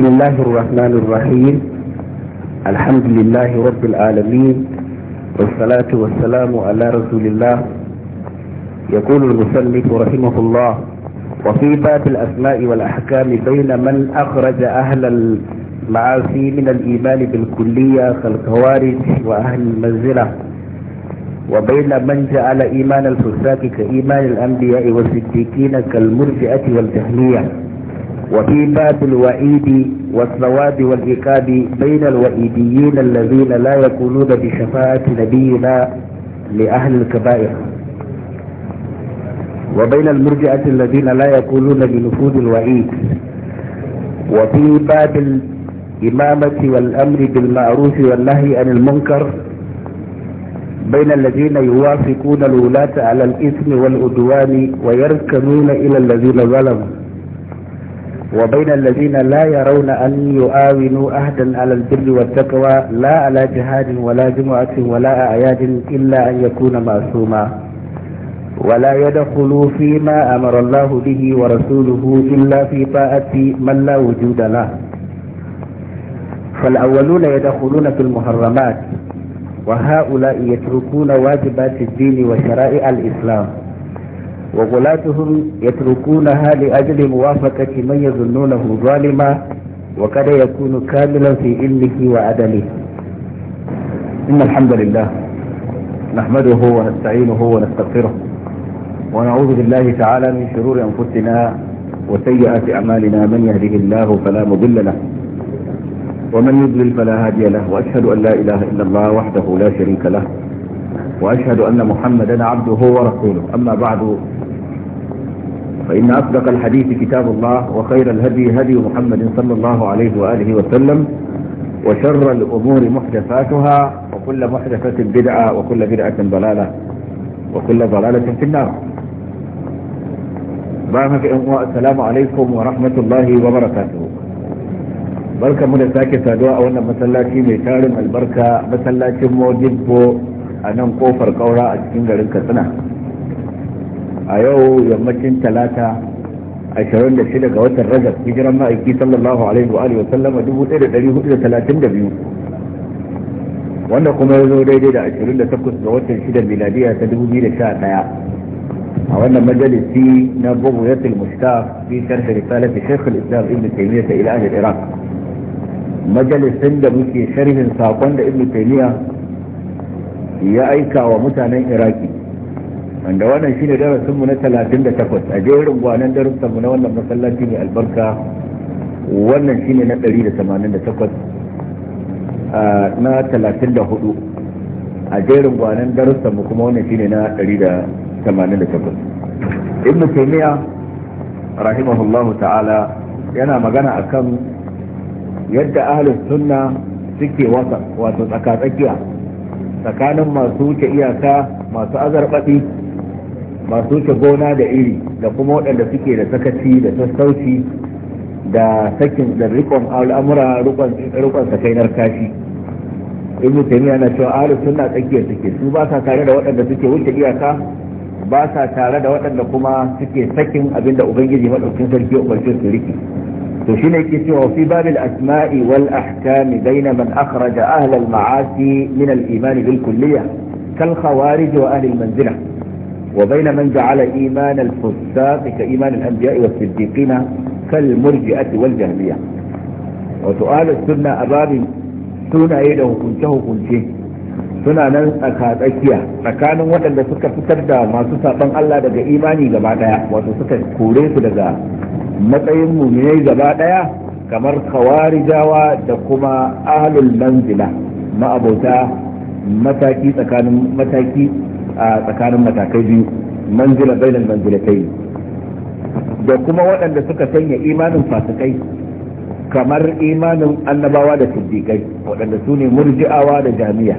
بسم الله الرحمن الرحيم الحمد لله رب العالمين والصلاة والسلام على رسول الله يقول المسلم رحمه الله وفي باب الأسماء والأحكام بين من أخرج أهل المعاصي من الإيمان بالكلية كالخوارج وأهل المنزلة وبين من جعل إيمان الفساق كإيمان الأنبياء والصديقين كالمرجئة والجهمية وفي باب الوعيد والثواب والعقاب بين الوئيديين الذين لا يكونون بشفاعة نبينا لأهل الكبائر وبين المرجئة الذين لا يكونون بنفوذ الوعيد وفي باب الإمامة والأمر بالمعروف والنهي عن المنكر بين الذين يوافقون الولاة على الإثم والعدوان ويركنون إلى الذين ظلموا وبين الذين لا يرون أن يؤاونوا أهدا على البر والتقوى لا على جهاد ولا جمعة ولا أعياد إلا أن يكون معصوما ولا يدخلوا فيما أمر الله به ورسوله إلا في طاعة من لا وجود له فالأولون يدخلون في المحرمات وهؤلاء يتركون واجبات الدين وشرائع الإسلام وغلاتهم يتركونها لأجل موافقة من يظنونه ظالما وقد يكون كاملا في علمه وعدله إن الحمد لله نحمده ونستعينه ونستغفره ونعوذ بالله تعالى من شرور أنفسنا وسيئات أعمالنا من يهده الله فلا مضل له ومن يضلل فلا هادي له وأشهد أن لا إله إلا الله وحده لا شريك له وأشهد أن محمدا عبده ورسوله أما بعد فإن أصدق الحديث كتاب الله وخير الهدي هدي محمد صلى الله عليه وآله وسلم وشر الأمور محدثاتها وكل محدثة بدعة وكل بدعة ضلالة وكل ضلالة في النار بارك السلام عليكم ورحمة الله وبركاته بركة من ساكي دعاء أولا مسلاتي ميتارم البركة مسلاتي موجبه a nan kofar kaura a cikin garin katsina a yau yammacin talata 26 ga watan rajab hijiran ma'aiki sallallahu alaihi wa alihi da 1432 wanda kuma ya zo daidai da 28 ga watan 6 miladiya ta 2011 a wannan majalisi na bugu ya tilmusta fi sharhi risalar shekul islam ibn taimiyya ta ila iraq majalisin da muke sharhin sakon da ibn taimiyya ya aika wa mutanen iraki wanda wannan shine darasinmu na 38 a jerin gwanan darussanmu na wannan masallaci mai albarka wannan shine na 188 na 34 a jerin gwanan darussanmu kuma wannan shine na 188 ibnu taymiya rahimahullahu ta'ala yana magana akan yadda ahlus sunna suke wasa wato tsaka tsakiya tsakanin masu wuce iyaka masu azarbaɗi masu wuce gona da iri da kuma waɗanda suke da sakaci da sassauci da sakin da rikon al'amura rikon sakainar kashi in taymiya na cewa ahlus suna tsakiyar suke su ba sa tare da waɗanda suke wuce iyaka ba sa tare da waɗanda kuma suke sakin abinda ubangiji maɗaukin sarki ya umarce su riki to shi ne ke cewa fi asma'i wal ahkami bayna man akhraja ahla al ma'asi min al iman bil kulliyah kal khawarij wa ahli al manzila wa bayna man ja'ala iman al fusaq ka iman al anbiya wal jahmiyah wa su'al as sunna abab suna yi da hukunce hukunce suna nan tsakiya tsakanin waɗanda suka fitar da masu saɓan Allah daga imani gaba ɗaya wato suka kore su daga matsayin muminai gaba ɗaya, kamar kawarijawa da kuma alun manzila ma'abota mataki tsakanin mataki a tsakanin matakai biyu manzila bainal manzilatai da kuma waɗanda suka sanya imanin fasikai kamar imanin annabawa da siddiqai waɗanda su ne murji'awa da jami'a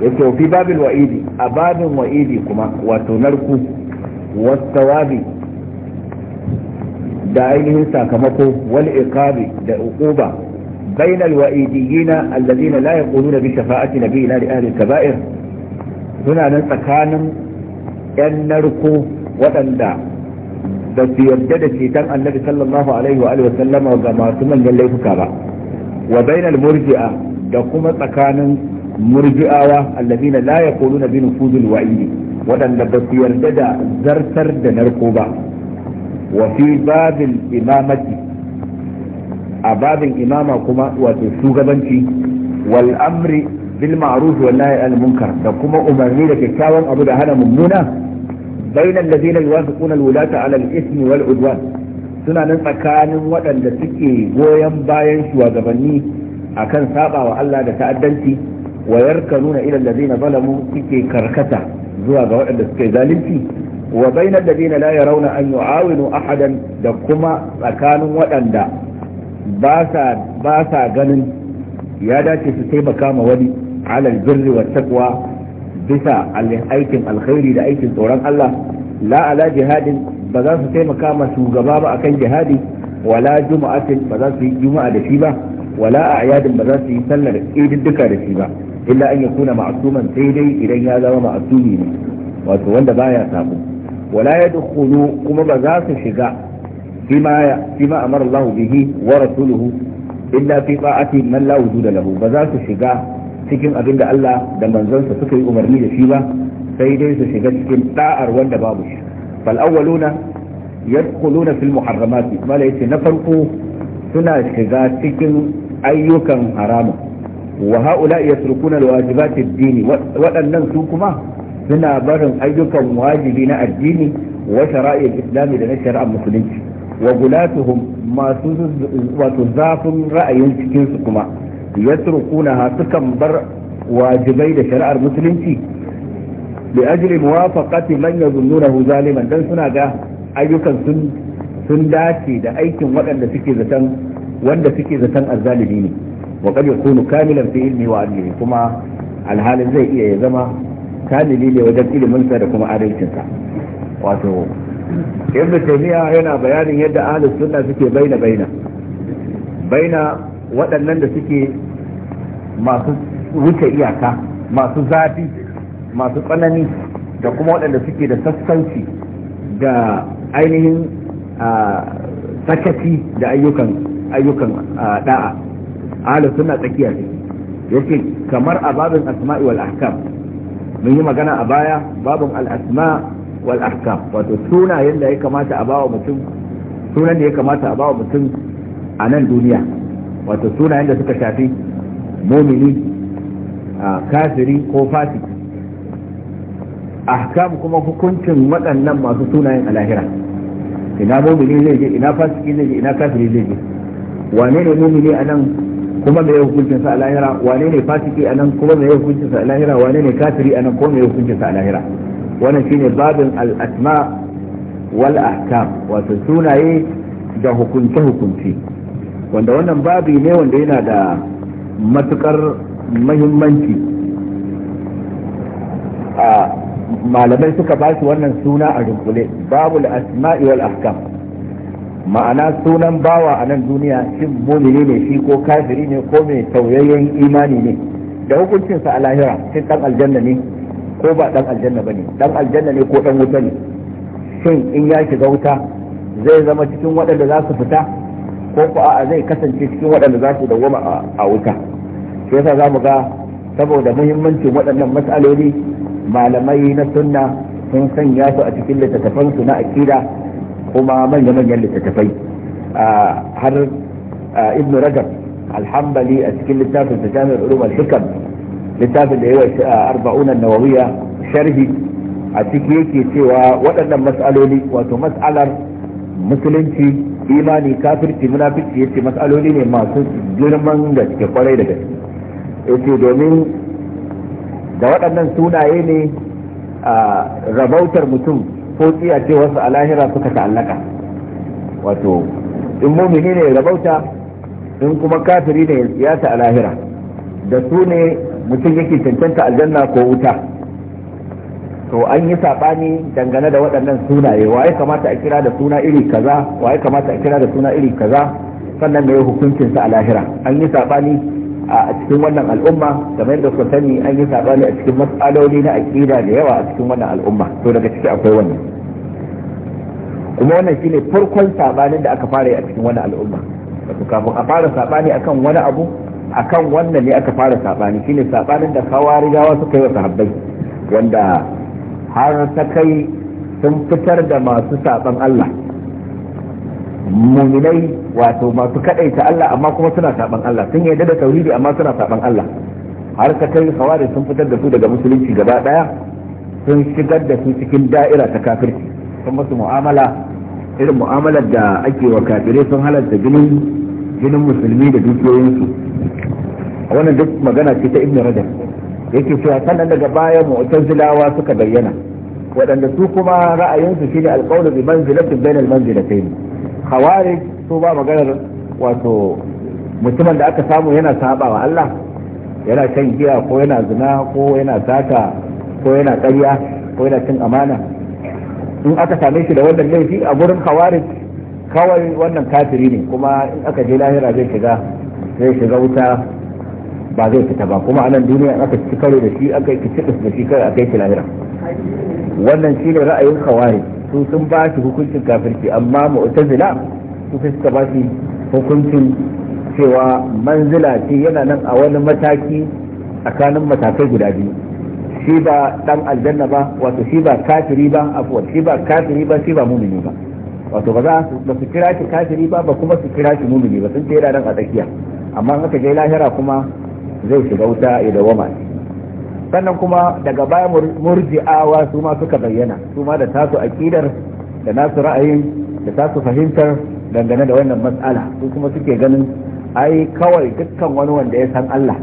yake fi babin wa'idi a babin wa'idi kuma wato narku wasu tawabi da ainihin sakamako wal iqabi da uquba بين الوئيديين الذين لا يقولون بشفاعة نبينا لأهل الكبائر هنا نتكان ينركو وتندع بس يبدد شيطان النبي صلى الله عليه وآله وسلم وما ثمن يليه كبا وبين المرجئة دقوم تكان مرجئة الذين لا يقولون بنفوذ الوعيد وتندع بس يبدد زرسر دنركو با wa fi babin imamati a babin imama kuma wato shugabanci Wal'amri, amri bil ma'ruf wal al munkar da kuma umarni da kyakkyawan abu da hana mummuna bainal ladina yuwafiquna al wulata ala al ismi wal udwan suna nan tsakanin waɗanda suke goyon bayan shugabanni akan saba wa Allah da ta'addanci wa yarkanuna ila allazina zalamu suke karkata zuwa ga waɗanda suke zalunci wa bainal ladina la yarawna an yu'awinu ahadan da kuma tsakanin waɗanda ba ganin ya dace su taimaka ma wani alal birri wa taqwa bisa aikin alkhairi da aikin tsoron Allah la ala jihadin ba za su taimaka ma shugaba ba akan jihadi wala juma'atin ba za su yi juma'a da shi ba wala a'yadin ba za su yi sallar ididduka da shi ba illa an yakuna ma'asuman sai dai idan ya zama masumi ne wato wanda baya samu wala yadkhulu kuma ba za su shiga fima fima amara Allah bihi wa rasuluhu illa fi ta'ati man la wujuda lahu ba za su shiga cikin abin da Allah da manzonsa suka yi umarni da shi ba sai dai su shiga cikin da'ar wanda babu shi fal awwaluna yadkhuluna fil muharramat mala yace na farko suna shiga cikin ayyukan haramun wa haula yatrukuna alwajibat ad-dini waɗannan su kuma suna barin ayyukan wajibi na addini wa shara'il islami da na shari'ar musulunci wa gulatuhum masu wato zafin ra'ayin cikin su kuma yasrukuna sukan bar wajibai da shari'ar musulunci bi ajli muwafaqati man yazunnunahu zaliman dan suna ga ayyukan sun sun dace da aikin waɗanda suke zaton wanda suke zaton azzalimi ne wa qad yakunu kamilan fi ilmi wa adli kuma alhalin zai iya ya zama kamili ne wajen iliminsa da kuma adalcinsa wato ibn taymiya yana bayanin yadda ahlus sunna suke baina baina baina waɗannan da suke masu wuce iyaka masu zafi masu tsanani da kuma waɗanda suke da sassauci da ainihin sakaci da ayyukan ayyukan da'a ahlus sunna tsakiya ne yake kamar a babin asma'i wal ahkam mun yi magana a baya babun al'asma wal ahkam wato suna yadda ya kamata a bawa mutum sunan da ya kamata a bawa mutum a nan duniya wato suna yadda suka shafi mumini kafiri ko fasiki ahkam kuma hukuncin waɗannan masu sunayen a lahira ina mumini zai je ina fasiki zai je ina kafiri zai je wane ne mumini a nan kuma mai hukuncin sa a lahira wane ne fasiki a nan kuma mai hukuncin sa a lahira wane ne kafiri a nan kuma mai hukuncin sa a lahira wannan shine babin al-asma wal ahkam wato sunaye da hukunce hukunci wanda wannan babi ne wanda yana da matukar muhimmanci a malamai suka ba shi wannan suna a dunkule babul asma'i wal ahkam ma'ana sunan bawa a nan duniya shi mumini ne shi ko kafiri ne ko mai tauyayyen imani ne da hukuncinsa a lahira shi dan aljanna ne ko ba dan aljanna bane dan aljanna ne ko dan wuta ne shin in ya shiga wuta zai zama cikin waɗanda za su fita ko ko a zai kasance cikin waɗanda za su dawoma a wuta shi yasa za mu ga saboda muhimmancin waɗannan matsaloli malamai na sunna sun sanya su a cikin littattafansu na akida kuma manya-manyan littattafai har ibn rajab alhambali a cikin littafin da jami'ar ulum hikam littafin da yawa arba'una nawawiya sharhi a ciki yake cewa waɗannan mas'aloli wato mas'alar musulunci imani kafirci munafici yace mas'aloli ne masu girman gaske kwarai da gaske yace domin da waɗannan sunaye ne a rabautar mutum ko tsiya ce wasu a lahira suka ta'allaka wato in mumini ne rabauta in kuma kafiri ne ya ta a lahira da su ne mutum yake cancanta aljanna ko wuta to an yi saɓani dangane da waɗannan sunaye waye kamata a kira da suna iri kaza waye kamata a kira da suna iri kaza sannan mai hukuncinsa a lahira an yi saɓani a cikin wannan al'umma kamar yadda ku sani an yi sabani a cikin matsaloli na aqida da yawa a cikin wannan al'umma to daga ciki akwai wannan kuma wannan shine farkon sabanin da aka fara yi a cikin wannan al'umma kafin a fara sabani akan wani abu akan wannan ne aka fara sabani shine sabanin da kawarijawa suka yi wa sahabbai wanda har ta kai sun fitar da masu saban Allah muminai wato masu kadaita Allah amma kuma suna saban Allah sun yarda da tauhidi amma suna saban Allah har ka kai khawarij sun fitar da su daga musulunci gaba daya sun shigar da su cikin da'ira ta kafirci sun musu mu'amala irin mu'amalar da ake wa kafirai sun halarta jinin jinin musulmi da dukiyoyinsu wannan duk magana ce ta ibnu rajab yake cewa sannan daga baya mu'tazilawa suka bayyana waɗanda su kuma ra'ayinsu shine alqawlu bi manzilatin bainal manzilatayn khawarij su ba maganar wato mutumin da aka samu yana saba wa Allah yana kan giya ko yana zina ko yana sata ko yana ƙarya ko yana cin amana in aka same shi da wannan laifi a gurin khawarij kawai wannan kafiri ne kuma in aka je lahira zai shiga zai shiga wuta ba zai fita ba kuma a nan duniya in aka ci karo da shi aka yi kici da shi kai a kai shi lahira wannan shine ra'ayin khawarij su sun ba shi hukuncin kafirci amma mu'tazila su suka ba shi hukuncin cewa manzila ce yana nan a wani mataki tsakanin matakai guda biyu shi ba dan aljanna ba wato shi ba kafiri ba afwan shi ba kafiri ba shi ba mumini ba wato ba za ba su kira shi kafiri ba ba kuma su kira shi mumini ba sun ce yana nan a tsakiya amma in aka je lahira kuma zai shiga wuta ya dawama sannan kuma daga baya murji'awa su ma suka bayyana su ma da tasu aƙidar da nasu ra'ayin da tasu fahimtar dangane da wannan matsala su kuma suke ganin ai kawai dukkan wani wanda ya san Allah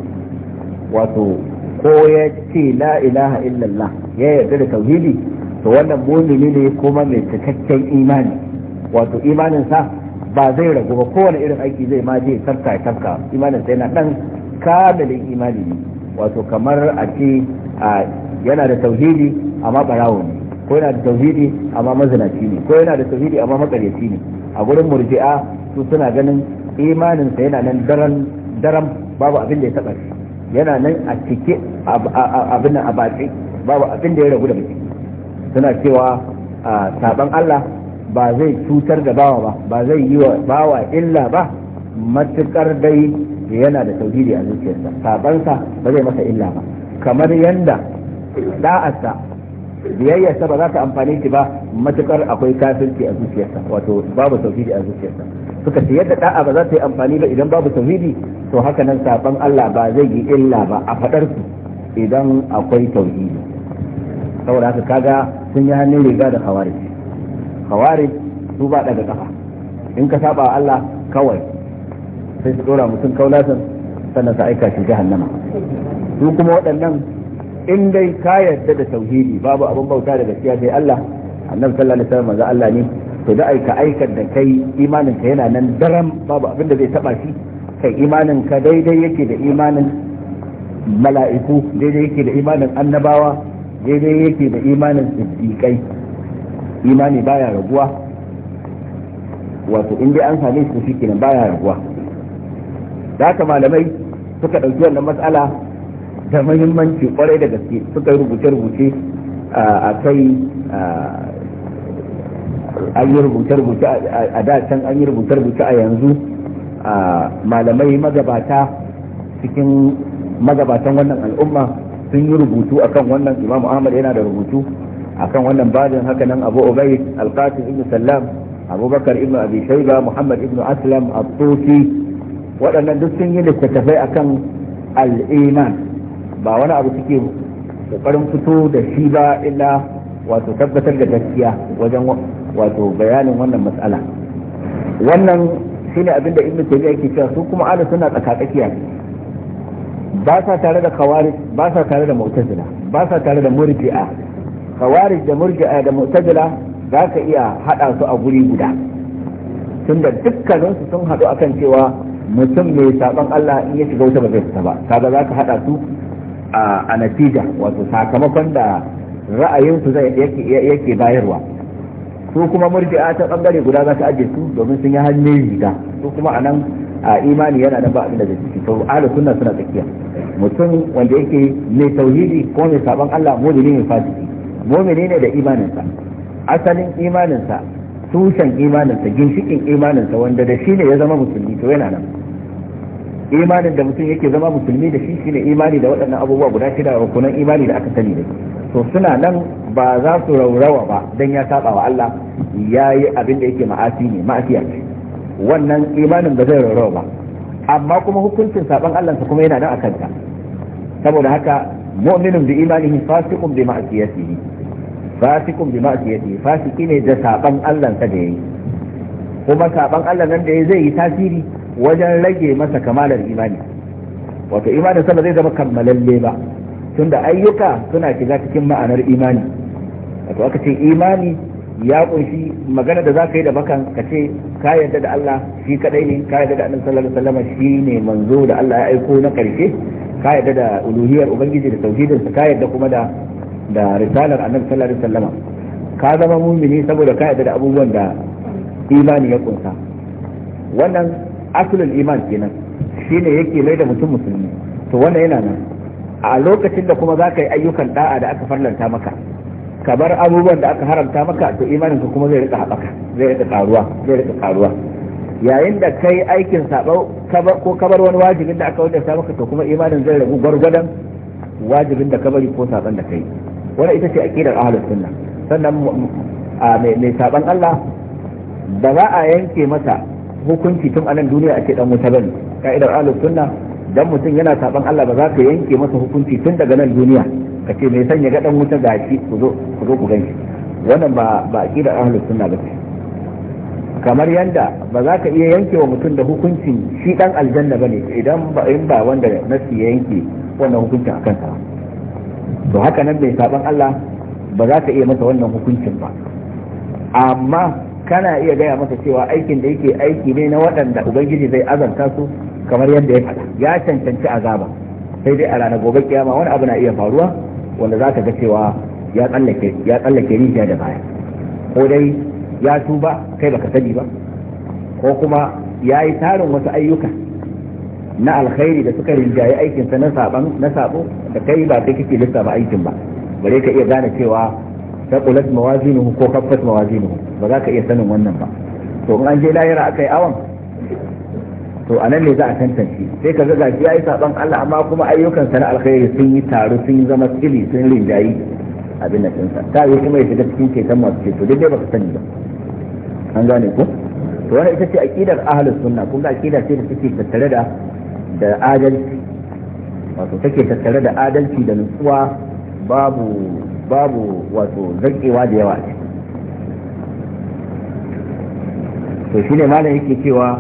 wato ko ya ce la ilaha illallah ya yarda da tauhidi to wannan mumini ne kuma mai cikakken imani wato imanin sa ba zai ragu ba kowane irin aiki zai ma je tafka ya tafka imanin sa yana dan kamilin imani ne wato kamar a ce yana da tauhidi amma barawo ne ko yana da tauhidi amma mazinaci ne ko yana da tauhidi amma makaryaci ne a gurin murji'a su suna ganin imaninsa yana nan daren daran babu abin da ya taba shi yana nan a cike abin a batse babu abin da ya rabu da mutum suna cewa saban Allah ba zai cutar da bawa ba ba zai yi wa bawa illa ba matukar dai yana da tauhidi a zuciyarsa sabansa ba zai masa illa ba kamar yanda da'arsa biyayyarsa ba za ta amfani shi ba matukar akwai kafirci a zuciyarsa wato babu tauhidi a zuciyarsa suka ce yadda da'a ba za ta yi amfani ba idan babu tauhidi to haka nan saban Allah ba zai yi illa ba a fadar su idan akwai tauhidi saboda haka kaga sun yi hannun riga da khawarij khawarij su ba daga kafa in ka saba Allah kawai sai su dora mutum kaulatan sannan sa aika shi jahannama su kuma waɗannan in dai ka yarda da tauhidi babu abin bauta da gaskiya sai Allah annabi sallallahu alaihi wasallam manzo Allah ne to da aika aikan da kai imanin ka yana nan daram babu abin da zai taba shi kai imanin ka daidai yake da imanin mala'iku daidai yake da imanin annabawa daidai yake da imanin siddiqai imani baya raguwa wato in dai an same shi shi baya raguwa da haka malamai suka ɗauki wannan matsala da mahimmanci kwarai da gaske suka yi rubuce-rubuce a kai an yi rubuce-rubuce a dacen an yi rubuce-rubuce a yanzu malamai magabata cikin magabatan wannan al'umma sun yi rubutu a kan wannan imamu ahmad yana da rubutu a kan wannan badin haka nan abu ubaid alqasim ibn sallam abubakar ibn abi shaiba muhammad ibn aslam at waɗannan duk sun yi littattafai akan al'iman ba wani abu suke ƙoƙarin fito da shi ba illa wato tabbatar da gaskiya wajen wato bayanin wannan matsala wannan shine abinda ibn taymiya yake cewa su kuma ala suna tsakatsakiya ba sa tare da khawarij ba sa tare da mu'tazila ba sa tare da murji'a khawarij da murji'a da mu'tazila za ka iya hada su a guri guda tunda dukkaninsu sun haɗu akan cewa mutum mai saɓon Allah in ya shiga wuta ba zai fita ba kaga za ka haɗa su a natija wato sakamakon da ra'ayinsu zai yake bayarwa su kuma murji'a ta bangare guda za ta ajiye su domin sun yi hannun riga su kuma a nan a imani yana da ba da jiki to ala sunna suna tsakiya mutum wanda yake mai tauhidi ko mai saɓon Allah mu'mini ne fasiki mu'mini ne da imaninsa asalin imaninsa tushen imaninsa ginshikin imaninsa wanda da shi ne ya zama musulmi to yana nan imanin da mutum yake zama musulmi da shi shine imani da waɗannan abubuwa guda shida rukunan imani da aka sani da to suna nan ba za su raurawa ba dan ya saba wa Allah ya yi abin da yake ma'asi ne ma'asiya wannan imanin ba zai raurawa ba amma kuma hukuncin saban Allah kuma yana nan a kanta. saboda haka mu'minun bi imanihi fasiqun bi ma'siyatihi fasiqun bi ma'siyatihi fasiki ne da saban Allah da yayi kuma saban Allah nan da yayi zai yi tasiri wajen rage masa kamalar imani wato imanin sa zai zama kammalalle ba tunda ayyuka suna shiga cikin ma'anar imani wato aka ce imani ya kunshi magana da za ka yi da bakan ka ce ka yarda da Allah shi kadai ne ka yarda da annabi sallallahu alaihi wasallam shi ne manzo da Allah ya aiko na karshe ka yarda da uluhiyar ubangiji da tauhidin ka yarda kuma da da risalar annabi sallallahu alaihi wasallam ka zama mumini saboda ka yarda da abubuwan da imani ya kunsa wannan Asalin iman kenan shine yake mai da mutum musulmi to wannan yana nan a lokacin da kuma za ka yi ayyukan da'a da aka farlanta maka ka bar abubuwan da aka haramta maka to imanin ka kuma zai rika haɓaka zai rika karuwa zai rika karuwa yayin da kai aikin sabo ko kabar wani wajibin da aka ta maka to kuma imanin zai rabu gwargwadon wajibin da kabari ko saban da kai wannan ita ce aqidar ahlus sunna sannan mai saban Allah ba za a yanke masa hukunci tun anan duniya ake dan wuta bane ka'idar ahlus sunna dan mutum yana saban Allah ba za ka yanke masa hukunci tun daga nan duniya ka ce mai sanya ga dan wuta gashi ku zo ku zo ku ganshi wannan ba ba aqidar ahlus sunna ba kamar yanda ba za ka iya yanke wa mutum da hukuncin shi dan aljanna bane idan ba in ba wanda nasi ya yanke wannan hukuncin akan sa to haka nan mai saban Allah ba za ka iya masa wannan hukuncin ba amma kana iya gaya masa cewa aikin da yake aiki ne na waɗanda ubangiji zai azanta su kamar yadda ya faɗa ya cancanci azaba sai dai a ranar gobe kiyama wani abu na iya faruwa wanda za ka ga cewa ya tsallake ya rijiya da baya ko dai ya tuba kai baka sani ba ko kuma ya yi tarin wasu ayyuka na alkhairi da suka rinjaye aikinsa na saban na sabo da kai ba kai kake lissafa aikin ba bare ka iya gane cewa taqulat mawazinuhu ko kaffat mawazinuhu ba za ka iya sanin wannan ba to in an je lahira akai awan to a nan ne za a tantance sai ka ga ya yi saban Allah amma kuma ayyukan sa na alkhairi sun yi taro sun yi zama tsili sun rinjayi abin da kinsa ta yi kuma ya shiga cikin ceton masu ceto dai ba ka sani ba an gane ku to wannan ita ce aqidar ahlus sunna kuma ga aqida ce da take tattare da da adalci wato take tattare da adalci da nutsuwa babu babu wato zakewa da yawa ne to shi ne malam yake cewa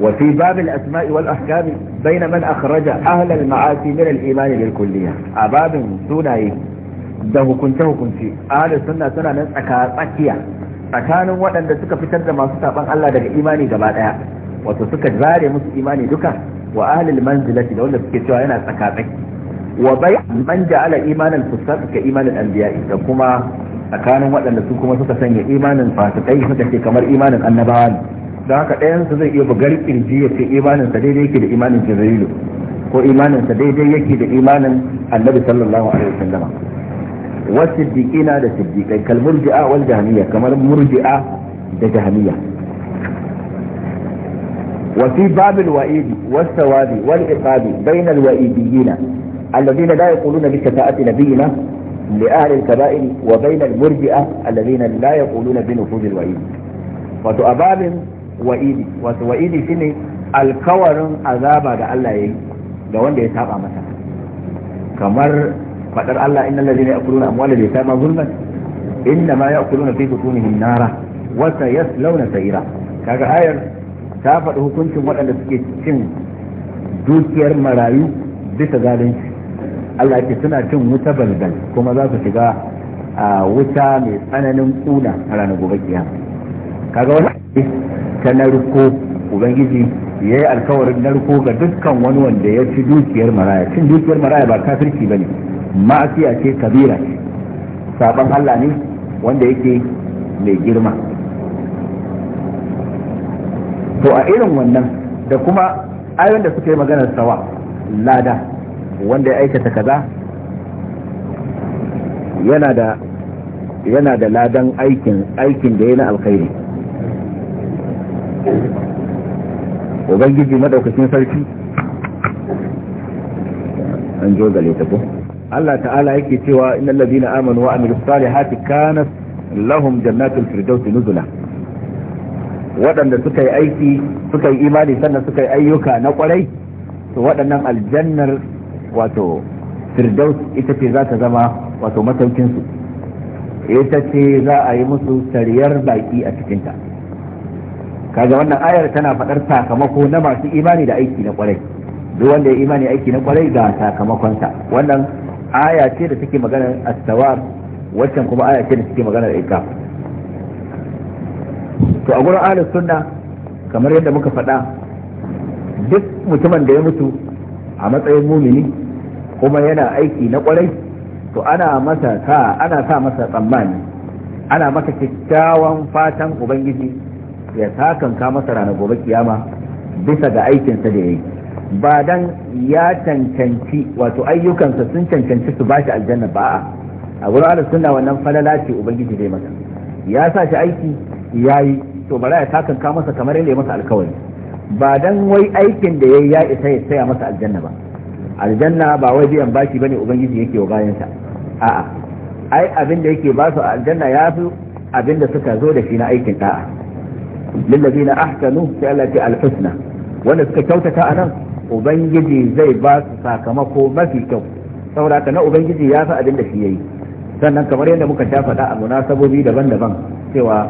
وفي باب الأسماء والأحكام mana من أخرج أهل المعاصي من الإيمان للكلية أباب سنة ده كنته كنت أهل السنة سنة نسأك أكيا tsakanin waɗanda suka fitar da masu saban Allah daga imani gaba ɗaya wato suka zare musu imani duka wa ahlil manzilati da wanda suke cewa yana tsakatsaki wa bai man ja'ala imanin fusaq ka imanin anbiya da kuma tsakanin waɗanda su kuma suka sanya imanin fasikai suka ce kamar imanin annabawa ne don haka ɗayan su zai iya bugar kirji ya ce imanin sa daidai yake da imanin jibrilu ko imanin sa daidai yake da imanin annabi sallallahu alaihi wasallam wasiddiqina da siddiqai kal murji'a wal jahmiya kamar murji'a da jahmiya وفي باب الوعيد والثواب والعقاب بين الوئيديين الذين لا يقولون بشفاعة نبينا لأهل الكبائر وبين المرجئة الذين لا يقولون بنفوذ الوعيد وتؤباب وإيدي وإيدي شنو alkawarin azaba da Allah ya yi ga wanda ya saba masa kamar fadar Allah inna allazina ya'kuluna amwalal yatama zulman inna ma ya'kuluna fi butunihim sa'ira kaga ayar ta faɗi hukuncin waɗanda suke cin dukiyar marayu bisa zalunci Allah ke suna cin wuta balbal kuma za su shiga a wuta mai tsananin kuna a ranar gobe kiyama kaga wani ta narko ubangiji ya yi alkawarin narko ga dukkan wani wanda ya ci dukiyar maraya cin dukiyar maraya ba kafirci ba ne ma'asiya ce kabira ce sabon Allah ne wanda yake mai girma to a irin wannan da kuma ayon da suka yi maganar sawa lada wanda ya aikata kaza yana da yana da ladan aikin aikin da ya na alkhairi ubangiji madaukakin sarki an jo gale ta ko Allah ta'ala yake cewa innal ladina amanu wa amilus salihati kanat lahum jannatul firdausi nuzula waɗanda suka yi aiki suka yi imani sannan suka yi ayyuka na kwarai to waɗannan aljannar wato firdaus ita ce za ta zama wato masaukinsu ita ce za a yi musu tariyar baki a cikinta kaga wannan ayar tana faɗar sakamako na masu imani da aiki na kwarai duk wanda ya imani aiki na kwarai ga sakamakonsa wannan aya ce da take maganar astawar waccan kuma aya ce da take maganar ikaf to a gurin ahlus sunna kamar yadda muka faɗa duk mutumin da ya mutu a matsayin mumini kuma yana aiki na kwarai to ana masa ta ana sa masa tsammani ana masa kyakkyawan fatan ubangiji ya takanka masa ranar gobe kiyama bisa ga aikinsa da ya yi ba dan ya cancanci wato ayyukansa sun cancanci su bashi aljanna ba a gurin ala sunna wannan falala ce ubangiji zai masa ya sa shi aiki ya yi to bara ya takanka masa kamar yadda ya masa alkawari ba dan wai aikin da yayi ya isa ya saya masa aljanna ba aljanna ba wai biyan bashi bane ubangiji yake wa bayansa a'a ai abin da yake ba su aljanna ya fi abin da suka zo da shi na aikin da'a lillazina ahsanu sai Allah ya alhusna wanda suka kyautata anan ubangiji zai ba su sakamako mafi kyau saboda na ubangiji ya fi abin da shi yayi sannan kamar yadda muka sha faɗa a munasabobi daban-daban cewa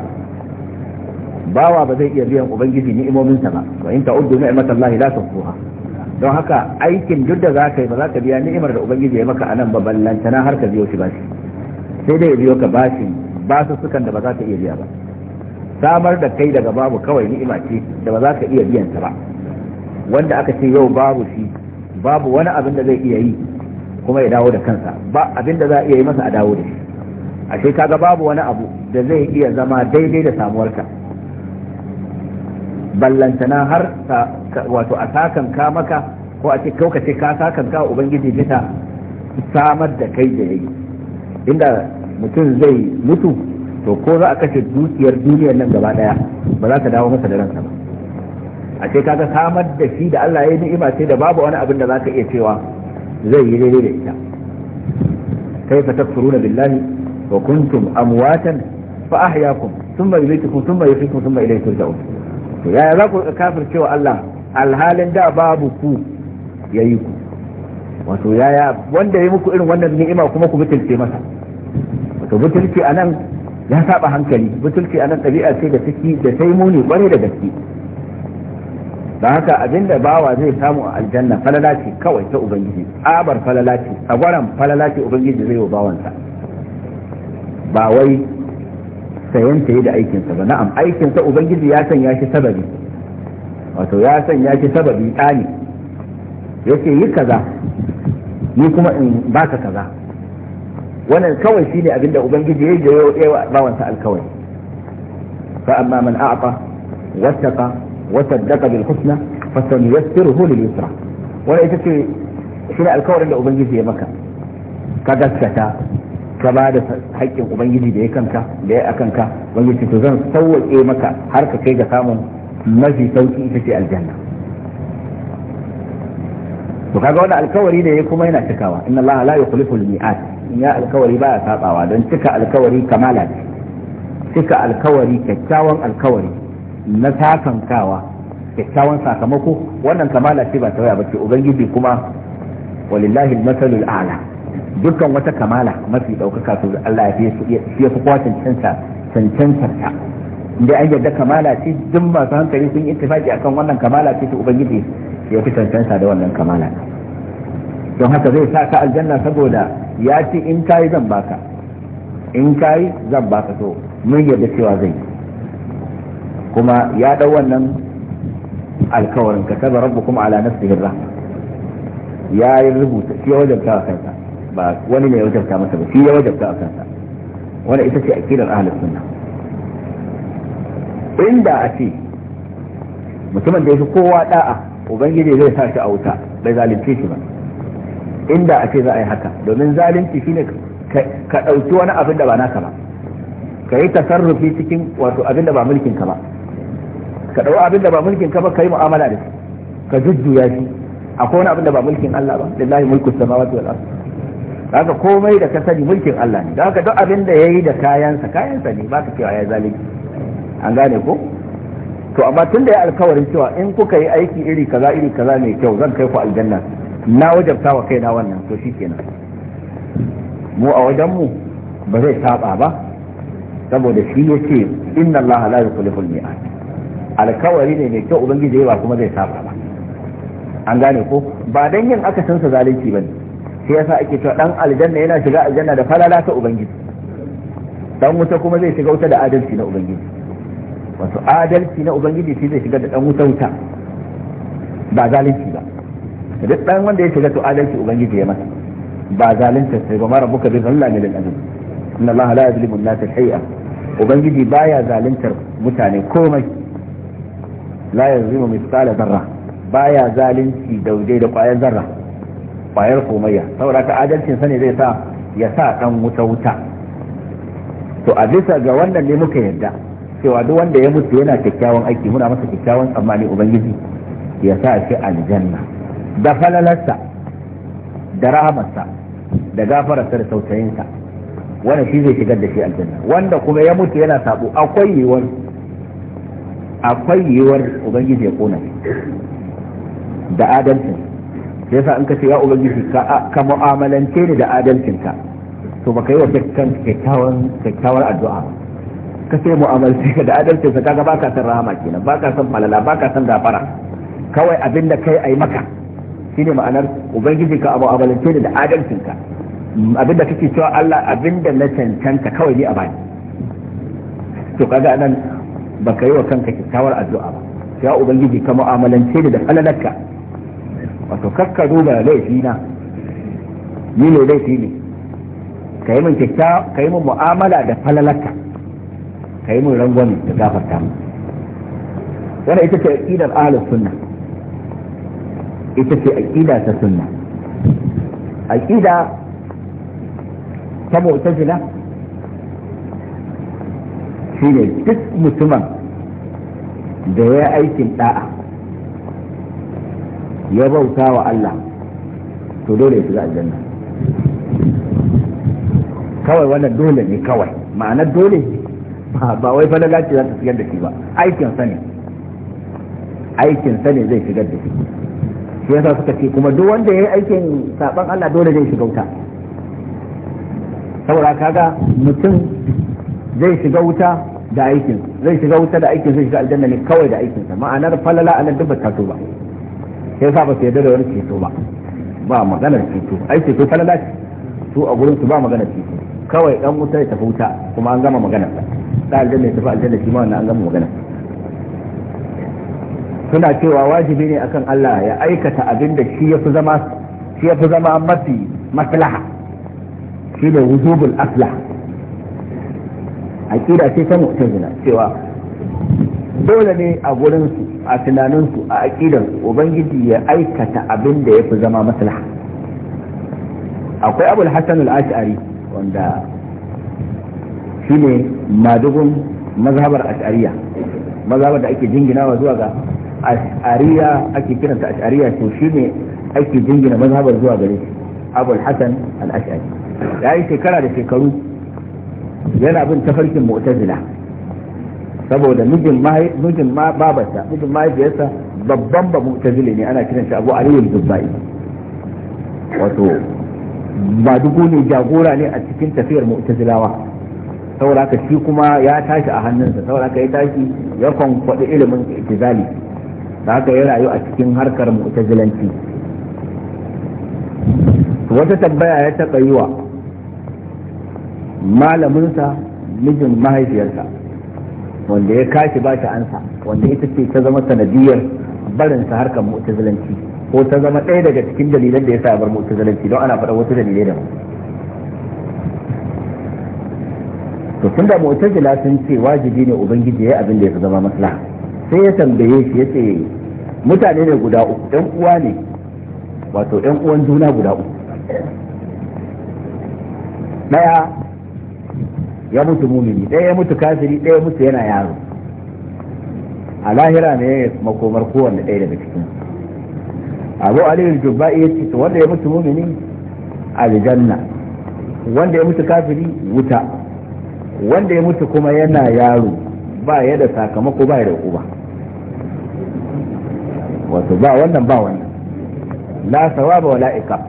bawa ba zai iya biyan ubangiji ni'imominsa ba wa in ta'uddu za la tuhsuha don haka aikin duk da zaka yi ba za ka biya ni'imar da ubangiji ya maka anan ba ballantana har ka biyo shi bashi sai dai ya biyo ka bashi su sukan da ba za iya biya ba samar da kai daga babu kawai ni'ima ce da ba za iya biyan ta ba wanda aka ce yau babu shi babu wani abin da zai iya yi kuma ya dawo da kansa ba abin da za a iya yi masa a dawo da shi ashe kaga babu wani abu da zai iya zama daidai da samuwarka ballantana har wato a sakan ka maka ko a ce kaukace ka sakan ka ubangiji bisa samar da kai da yayi inda mutum zai mutu to ko za a kashe dukiyar duniyar nan gaba daya ba za ta dawo masa da ransa ba a ce kaga samar da shi da Allah ya yi ni'ima ce da babu wani abin da za ka iya cewa zai yi daidai da ita Kai kaifa takfuruna billahi wa kuntum amwatan fa ahyaakum thumma yumitukum thumma yuhyikum thumma ilayhi turja'un ku yaya za ku kafir cewa Allah alhalin da babu ku ya yi ku wato yaya wanda ya muku irin wannan ni'ima kuma ku butulce masa wato butulci nan ya saba hankali butulci nan ɗabi'a ce da take da sai muni kwarai da gaske da haka abinda bawa zai samu a aljanna falala ce kawai ta ubangiji abar falala ce gwaran falala ce ubangiji zai wa bawansa ba wai sayan ta da aikinsa ba na'am aikinsa ubangiji ya sanya shi sababi wato ya sanya shi sababi ɗani yake yi kaza ni kuma in baka kaza wannan kawai shine abinda ubangiji ya yi ya bawansa alkawai. fa amma man a'ta wattaqa wa saddaqa bil husna fa sanuyassiruhu lil yusra wannan ita ce shi ne alkawarin da ubangiji ya maka ka gaskata ka ba da haƙƙin ubangiji da ya kanka da ya akanka ubangiji to zan sauwaƙe maka har ka kai ga samun mafi sauki ita ce aljanna to kaga wani alkawari ne kuma yana cikawa inna allaha la yukhlifu al in ya alkawari ya sabawa don cika alkawari kamala ce cika alkawari kyakkyawan alkawari na sakankawa kyakkyawan sakamako wannan kamala ce ba ta waya ba ce ubangiji kuma walillahi al-masalul a'la dukkan wata kamala mafi ɗaukaka su Allah ya fi kowa cancanta cancanta ta inda an yarda kamala ce duk masu hankali sun yi tafaki akan wannan kamala ce ta ubangiji ya fi cancanta da wannan kamala don haka zai sa ka aljanna saboda ya ce in kayi zan baka in kayi zan baka to mun yarda cewa zai kuma ya dau wannan alkawarin ka kaza rabbukum ala nafsihi rahma ya yi rubuta shi wajen kawo kansa ba wani ne ya wajabta masa ba shi ya wajabta a kansa wani ita ce akidar ahlus sunna inda a ce mutumin da ya fi kowa da'a ubangiji zai sa shi a wuta bai zalunce shi ba inda a ce za a yi haka domin zalunci shine ka ɗauki wani abin da ba naka ba ka yi tasarrufi cikin wato abin da ba mulkin ka ba ka ɗau abin da ba mulkin ka ba ka yi mu'amala da shi ka jujjuya shi akwai wani abin da ba mulkin Allah ba lillahi mulku samawati wal ardh haka komai da ka sani mulkin Allah ne haka duk abin da yayi da kayansa kayansa ne baka cewa ya zalimi an gane ko to amma tun da ya alkawarin cewa in kuka yi aiki iri kaza iri kaza mai kyau zan kai ku aljanna na wajabta wa kaina wannan to shikenan mu a wajen mu ba zai saba ba saboda shi yake inna Allah la yukhlifu al-mi'ad alkawari ne mai kyau ubangiji ba kuma zai saba ba an gane ko ba dan yin san sa zalunci bane shi yasa ake cewa dan aljanna yana shiga aljanna da falala ta ubangiji dan wuta kuma zai shiga wuta da adalci na ubangiji wato adalci na ubangiji shi zai shiga da dan wuta wuta ba zalunci ba duk dan wanda ya shiga to adalci ubangiji ya masa ba zalunta sai ba mara buka bi zalla ne lil azim inna allaha la yuzlimu an-nasa shay'a ubangiji baya zaluntar mutane komai la yuzlimu mithqala dharra baya zalunci daudai da kwayan zarra bayar komayya saboda ka adalcin sa ne zai sa ya sa dan wuta wuta to a bisa ga wannan ne muka yadda cewa duk wanda ya mutu yana kyakkyawan aiki muna masa kyakkyawan tsammani ubangiji ya sa shi aljanna da falalarsa da rahamarsa da gafararsa da sautayinsa wanda shi zai shigar da shi aljanna wanda kuma ya mutu yana sabo akwai yiwuwar akwai yiwuwar ubangiji ya kona da adalcin sai sa in ka ce ya ubangiji ka mu'amalance ni da adalcinka to baka yi wa dukkan kyakkyawan kyakkyawar addu'a ka sai mu'amalance ka da adalcinsa kaga baka san rahama kenan baka san falala baka san gafara kawai abin da kai ai maka shine ma'anar ubangiji ka mu'amalance ni da adalcinka da kake cewa Allah abin da na cancanta kawai ni a bani to kaga nan baka yi wa kanka kyakkyawar addu'a ba ya ubangiji ka mu'amalance ni da falalarka wato kakka duba laifi na ni ne laifi ne ka yi min ka yi min mu'amala da falalaka ka yi min rangwani da gafarta mu wannan ita ce aqidar ahlus sunna ita ce aqida ta sunna aqida ta mu'tazila shine duk mutumin da ya aikin da'a ya bauta wa Allah to dole ya shiga aljanna kawai wannan dole ne kawai ma'ana dole ba wai fa ce za ta shigar da shi ba aikin sa ne aikin sa ne zai shigar da shi shi yasa suka ce kuma duk wanda ya yi aikin saban Allah dole zai shiga wuta saboda kaga mutum zai shiga wuta da aikin zai shiga wuta da aikin zai shiga aljanna ne kawai da aikin sa ma'anar falala a nan duk ba ta ba sai sa ba su yarda da wani ceto ba ba maganar ceto ai ceto ta lalace su a gurin su ba maganar ceto kawai dan wuta ya tafi wuta kuma an gama maganar sa da aljanna ya tafi aljanna shi ma wannan an gama maganar suna cewa wajibi ne akan Allah ya aikata abin da shi ya fi zama shi ya fi zama mafi maslaha shi ne wujubul aslah aqida ce ta mu'tazila cewa dole ne a gurin su a tunaninsu a aƙidansu ubangiji ya aikata abin da ya fi zama maslaha akwai abul hassan al-ash'ari wanda shine madugun mazhabar ash'ariya mazhabar da ake jinginawa zuwa ga ash'ariya ake kiranta ash'ariya to shine ake jingina mazhabar zuwa gare shi abul hassan al-ash'ari ya yi shekara da shekaru yana bin tafarkin mu'tazila saboda mijin mijin ma babarsa mijin mahaifiyarsa babban ba mu'tazili ne ana kiran shi Abu Ali zubbai wato ba ne jagora ne a cikin tafiyar mu'tazilawa saboda haka shi kuma ya tashi a hannunsa saboda haka ya tashi ya kwankwaɗi ilimin itizali da haka ya rayu a cikin harkar mu'tazilanci wata tambaya ya taɓa yi wa malaminsa mijin mahaifiyarsa wanda ya kashi ba ta ansa wanda ita ce ta zama sanadiyar barinsa harkar mu'tazilanci ko ta zama ɗaya daga cikin dalilan da ya sa bar mu'tazilanci don ana faɗa wasu dalilai da to tun da mu'tazila sun ce wajibi ne ubangiji ya abin da ya zama maslaha sai ya tambaye shi ya ce mutane ne guda uku ɗan uwa ne wato ɗan uwan juna guda uku ɗaya ya mutu mumini ɗaya ya mutu kafiri ɗaya ya mutu yana yaro a lahira ne makomar kowanne ɗaya daga cikin abu aliyu jubba ya ce wanda ya mutu mumini aljanna wanda ya mutu kafiri wuta wanda ya mutu kuma yana yaro ba ya da sakamako ba ya da uba wato ba wannan ba wannan la sawaba wala iqab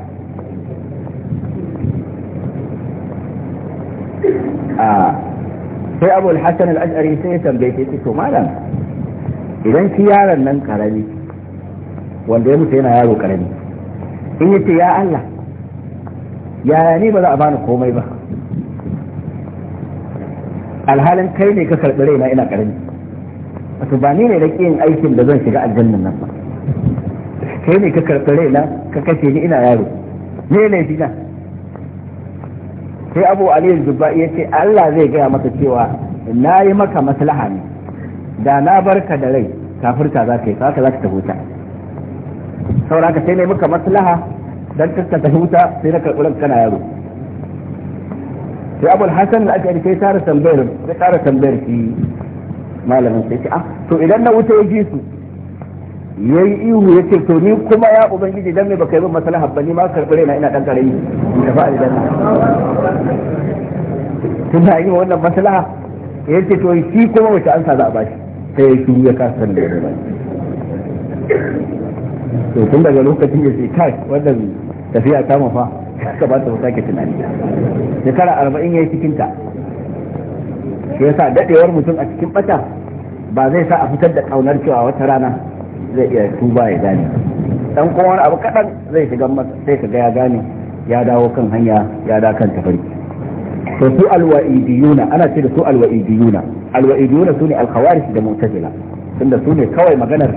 sai abu alhassan hassan al-ash'ari sai ya tambaye shi to malam idan shi yaron nan karami wanda ya mutu yana yaro karami in yace ya Allah yaya ni ba za a bani komai ba alhalin kai ne ka karɓi raina ina karami wato ba ni ne da yin aikin da zan shiga aljannan nan ba kai ne ka karɓi raina ka kashe ni ina yaro ne ne shi na sai abu aliyu dubba ya ce Allah zai gaya maka cewa na yi maka maslaha ne da na barka da rai kafirka za ka yi saka za ka ta huta saura ka sai na yi maka maslaha don ka ta huta sai na karɓi kana yaro sai abul hasan da ashari sai tara tambayar ya tara tambayar shi malamin sai ce ah to idan na wuta ya ji su ya yi ihu ya ce to ni kuma ya ubangiji dan me baka yi min ba ni ma karɓi na ina dan karami da ba aljanna tun da yi wannan maslaha ya ce to shi kuma wace an za a bashi sai ya shi ya kasa da ya rai to tun daga lokacin ya ce kai wannan tafiya ta mafa ka ba ta sake tunani shekara arba'in ya yi cikinta ya sa daɗewar mutum a cikin bata ba zai sa a fitar da ƙaunar cewa wata rana zai iya tuba ya gane dan kuma wani abu kadan zai shiga masa sai ga ya gane ya dawo kan hanya ya da kan tafari. to su alwa'idiyuna ana ce da su alwa'idiyuna alwa'idiyuna sune alkhawarij da mu'tazila tunda sune kawai maganar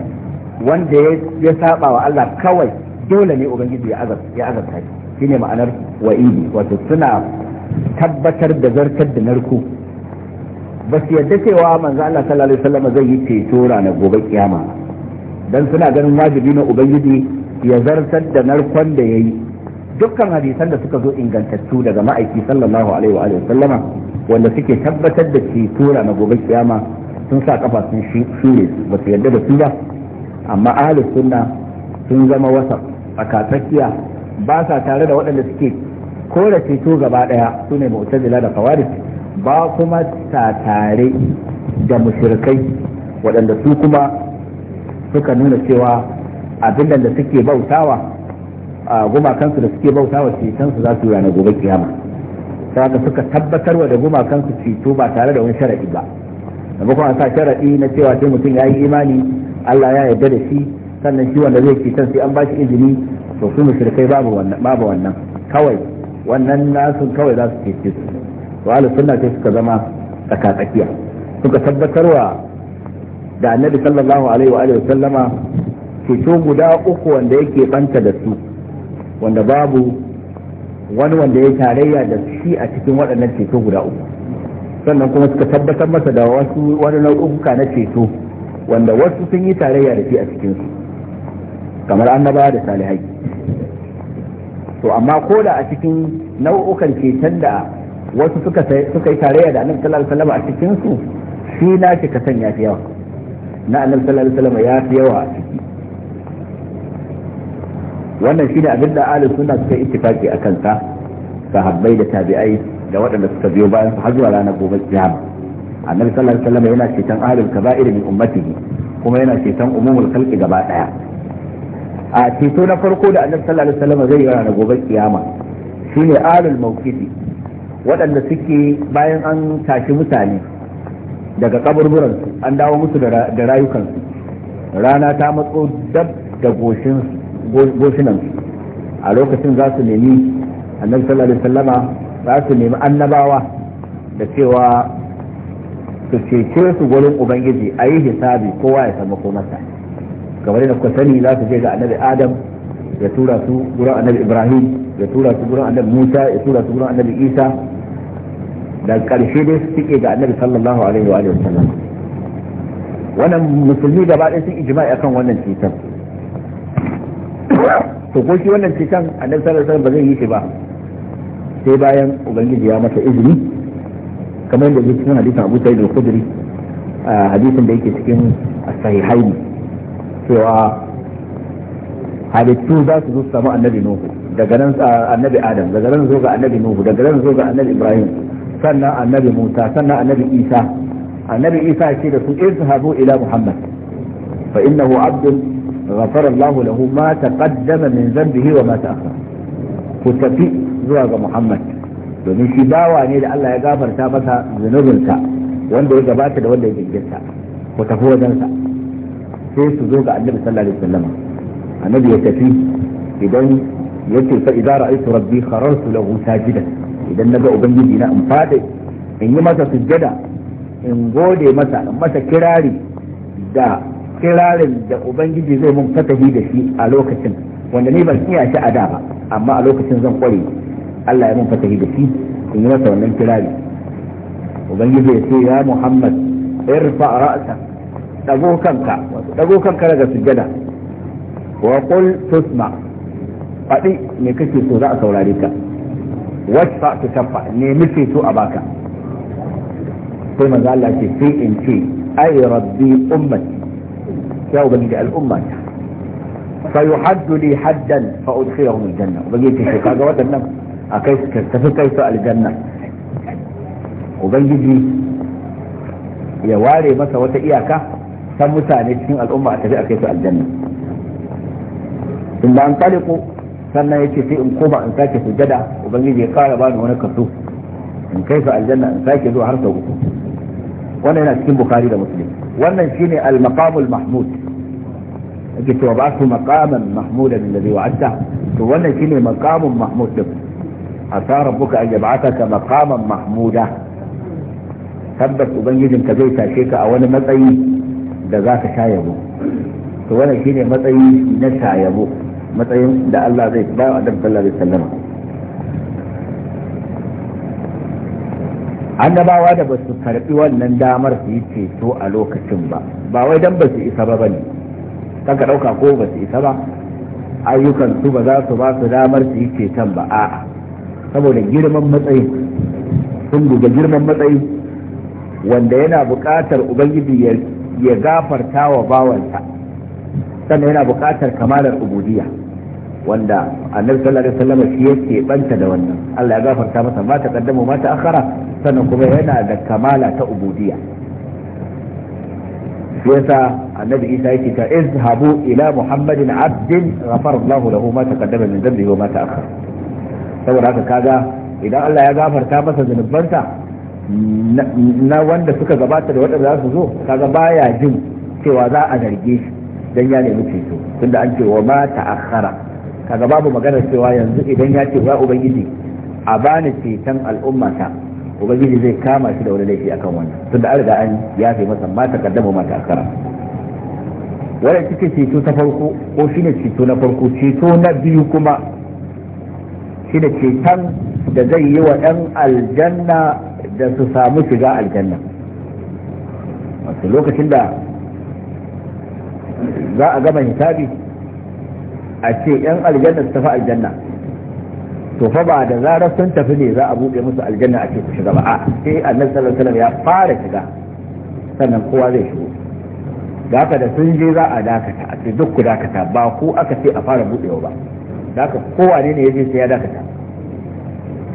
wanda ya saba wa Allah kawai dole ne ubangiji ya azab ya azabta shi shine ma'anar wa'idi wato suna tabbatar da zartar da narko ba su yadda cewa manzo Allah sallallahu alaihi wasallam zai yi ceto ranar gobe kiyama dan suna ganin wajibi na ubangiji ya zartar da narkon da yayi dukkan hadisan da suka zo ingantattu daga ma'aiki sallallahu alaihi wa sallama wanda suke tabbatar da tura na gobe kiyama sun sa kafa sun shure ba su yarda da su ba amma ahli sunna sun zama wasa tsakatsakiya ba sa tare da waɗanda suke kore ceto gaba ɗaya sune ne mu'tazila da qawarij ba kuma ta tare da mushrikai waɗanda su kuma suka nuna cewa abin da suke bautawa a gumakansu da suke bautawa cetonsu za su yi ranar gobe kiyama haka suka wa da gumakansu ceto ba tare da wani sharaɗi ba da kuma a sa sharaɗi na cewa sai mutum ya yi imani Allah ya yarda da shi sannan shi wanda zai ceton sai an ba shi izini to su mushrikai babu babu wannan kawai wannan nasu kawai za su cece su to ahlus sunna sai suka zama tsakatsakiya suka tabbatar wa da annabi sallallahu alaihi wa wa sallama fito guda uku wanda yake banta da su wanda babu wani wanda ya tarayya da shi a cikin waɗannan ceto guda uku sannan kuma suka tabbatar masa da wasu wani nau'uka na ceto wanda wasu sun yi tarayya da shi a cikin su, kamar annaba da salihai to amma ko da a cikin nau'ukan ceton da wasu suka yi tarayya da annabi sallallahu alaihi wa sallama a cikin su, shi na shi ka sanya fi yawa na annabi sallallahu alaihi wasallam ya fi yawa a ciki wannan shi ne abin da ahlus sunna suka ittifaki a kansa sahabbai da tabi'ai da waɗanda suka biyo bayan su har zuwa ranar gobe kiyama annabi sallallahu alaihi wasallam yana ceton ahlul kaba'ir min ummatihi kuma yana ceton umumul khalqi gaba daya a ceto na farko da annabi sallallahu alaihi wasallam zai yi ranar gobe kiyama shine ahlul mawqifi waɗanda suke bayan an tashi mutane daga kaburburan an dawo musu da rayukansu rana ta matso dab da goshinan a lokacin za su nemi annabi sallallahu alaihi wasallama za su nemi annabawa da cewa su cece su gurin ubangiji a yi hisabi kowa ya samu komarsa kamar yadda kuka sani za su je ga annabi adam ya tura su gurin annabi ibrahim ya tura su gurin annabi musa ya tura su gurin annabi isa da karshe dai suke ga annabi sallallahu alaihi wa sallam wannan musulmi gaba ɗaya sun ijma'i akan wannan cutar to ko shi wannan cutar annabi sallallahu alaihi ba zai yi shi ba sai bayan ubangiji ya masa izini kamar yadda yake cikin hadisin Abu Sa'id al-Khudri hadisin da yake cikin sahihaini cewa halittu za su zo su samu annabi Nuhu daga nan annabi Adam daga nan zo ga annabi Nuhu daga nan zo ga annabi Ibrahim sannan annabi Musa sannan annabi Isa annabi Isa ce da su izhabu ila Muhammad fa innahu abdun ghafara Allah lahu ma taqaddama min dhanbihi wa ma ta'akhkhara ku tafi zuwa ga Muhammad domin shi bawa ne da Allah ya gafarta masa zunubinsa wanda ya gabata da wanda ya jinkirta ku tafi wajensa sai su zo ga annabi sallallahu alaihi wasallam annabi ya tafi idan yace fa idza su rabbi kharartu lahu sajidan idan na ga ubangiji na in fada in yi masa sujjada in gode masa in masa kirari da kirarin da ubangiji zai mun fatahi da shi a lokacin wanda ni ban iya shi a da ba amma a lokacin zan kware Allah ya mun fatahi da shi in yi masa wannan kirari ubangiji ya ce ya Muhammad irfa ra'sa dago kanka wato dago kanka daga sujjada wa qul tusma faɗi me kake so za a saurare ka washfa tu kafa nemi ceto a baka sai manzo Allah ce sai in ce ai rabbi ummati ya ubangiji al'umma ta fa yuhaddu li haddan fa udkhiluhum aljanna ubangiji ce kaga wadannan akai su tafi kai su aljanna ubangiji ya ware masa wata iyaka san mutane cikin al'umma a tafi a kai su aljanna in ba an sannan ya ce sai in koma in sake sujada ubangiji ya kara bani wani kaso in kai sa aljanna in sake zuwa har sau uku wannan yana cikin bukari da muslim wannan shine al-maqamul mahmud yake cewa ba su maqaman mahmuda min ladhi wa'adta to wannan shine maqamun mahmud din asa rabbuka an yab'athaka maqaman mahmuda tabbas ubangijin ka zai tashe ka a wani matsayi da za zaka shayabo to wannan shine matsayi na shayabo matsayin da Allah zai ba wa Adam sallallahu alaihi wasallam annabawa da ba su karbi wannan damar su yi ceto a lokacin ba ba wai dan ba su isa ba bane kaga dauka ko ba su isa ba ayyukan su ba za su ba su damar su yi ceton ba a'a saboda girman matsayi sun guga girman matsayi wanda yana buƙatar ubangiji ya gafarta wa bawansa sannan yana buƙatar kamalar ubudiyya wanda annabi sallallahu alaihi wasallam shi yake banta da wannan Allah ya gafarta masa ma taqaddamu ma ta'akhkhara sannan kuma yana da kamala ta ubudiyya yasa annabi Isa yake ta izhabu ila Muhammadin abdin ghafara Allah lahu ma taqaddama min dhanbihi wa ma ta'akhkhara saboda haka kaga idan Allah ya gafarta masa zunubansa na wanda suka gabata da waɗanda za su zo kaga baya jin cewa za a zarge shi dan ya nemi ceto tunda an ce wa ma ta'akhkhara kaga babu maganar cewa yanzu idan ya ce ya ubangiji a bani ceton al'umma ta ubangiji zai kama shi da wani laifi akan wannan tunda an riga an fi masa ma takaddama ma takara wannan cikin ceto ta farko ko shine ceto na farko ceto na biyu kuma shine ceton da zai yi wa ɗan aljanna da su samu shiga aljanna wato lokacin da za a gama hisabi a ce yan aljanna su tafi aljanna to fa ba da zarar sun tafi ne za a buɗe musu aljanna a ce ku shiga ba a sai annabi sallallahu alaihi wasallam ya fara shiga sannan kowa zai shigo haka da sun je za a dakata a ce duk ku dakata ba ku aka ce a fara buɗewa ba haka kowane ne ya je sai ya dakata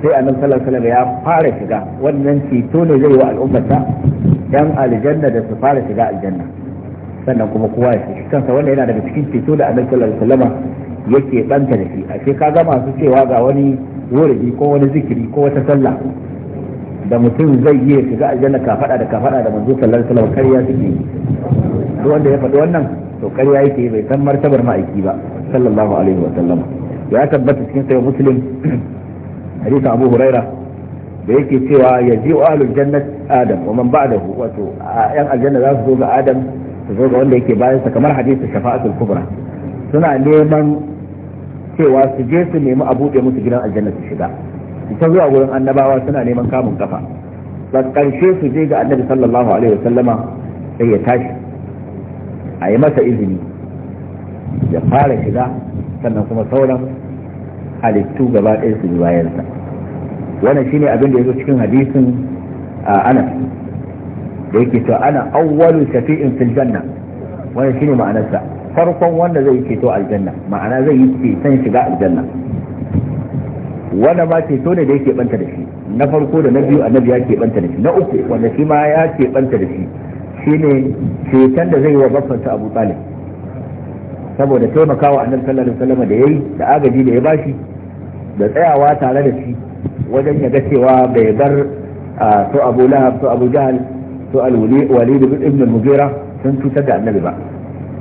sai annabi sallallahu alaihi wasallam ya fara shiga wannan ceto ne zai wa al'ummata yan aljanna da su fara shiga aljanna sannan kuma kowa ya ceci kansa wanda yana daga cikin ceto da annabi sallallahu alaihi wasallam yake banta da shi a ce kaga masu cewa ga wani wuridi ko wani zikiri ko wata sallah da mutum zai yi shiga aljanna ka fada da ka fada da manzo sallallahu alaihi wasallam kariya suke duk wanda ya faɗi wannan to kariya yake bai san martabar ma'aiki ba sallallahu alaihi wasallam ya tabbata cikin sahih muslim hadisi abu huraira da yake cewa yaji ahlul jannat adam wa man ba'dahu wato yan aljanna za su zo ga adam su zo ga wanda yake bayan sa kamar hadisi shafa'atul kubra suna neman cewa su je su nemi a buɗe musu gidan aljanna su shiga ita zuwa gurin annabawa suna neman kamun kafa ba karshe su je ga annabi sallallahu alaihi wasallama sai ya tashi a yi masa izini ya fara shiga sannan kuma sauran halittu gaba ɗaya su bayansa wannan shine abin da ya zo cikin hadisin anas da yake to ana awwalu shafi'in fil janna wannan shine ma'anarsa farkon wanda zai yake ceto aljanna ma'ana zai yi ke ceton shiga aljanna wanda ma ceto ne da yake banta da shi na farko da na biyu annabi ya banta da shi na uku wanda shi ma ya banta da shi shine ceton da zai yi wa babbansa abu talib saboda taimakawa annabi sallallahu alaihi wasallam da yayi da agaji da ya bashi da tsayawa tare da shi wajen ya ga cewa bai bar su abu lahab su abu jahal su al da ibn al-mughira sun cutar da annabi ba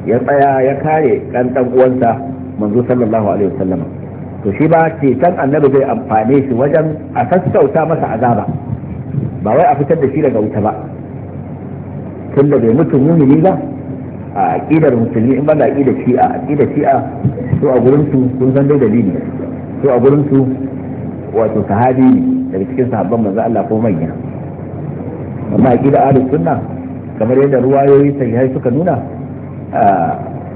ya tsaya ya kare dan dan uwansa manzo sallallahu alaihi wasallam to shi ba ce ceton annabi zai amfane shi wajen a sassauta masa azaba ba wai a fitar da shi daga wuta ba tun da bai mutu mumini ba a aƙidar musulmi in ba da aƙidar shi'a aƙidar shi'a to a gurin su kun san dai dalili to a gurin su wato sahabi daga cikin sahabban manzo Allah ko manya amma a gida sunna kamar yadda ruwayoyi sahihai suka nuna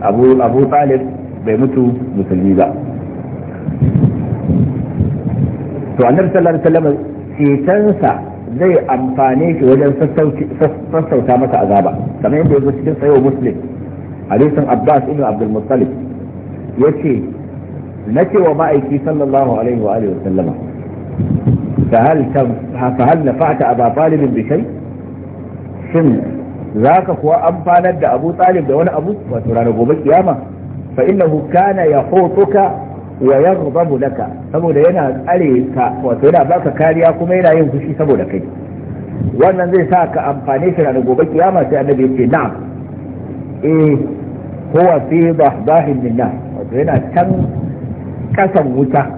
abu abu talib bai mutu musulmi ba to annabi sallallahu alaihi wasallam cetonsa zai amfane shi wajen sassauta masa azaba kamar yadda yazo cikin sayo muslim hadisin abbas ibn abdul muttalib yace na ce wa ma'aiki sallallahu alaihi wa alihi sallama فهل فهل نفعت أبا طالب بشيء shin za ka kuwa amfanar da abu talib da wani abu wato ranar gobe kiyama fa innahu ya hotuka wa yaghdabu laka saboda yana tsare ka wato yana baka kariya kuma yana yin fushi saboda kai wannan zai sa ka amfane shi ranar gobe kiyama sai annabi eh min wato yana can kasan wuta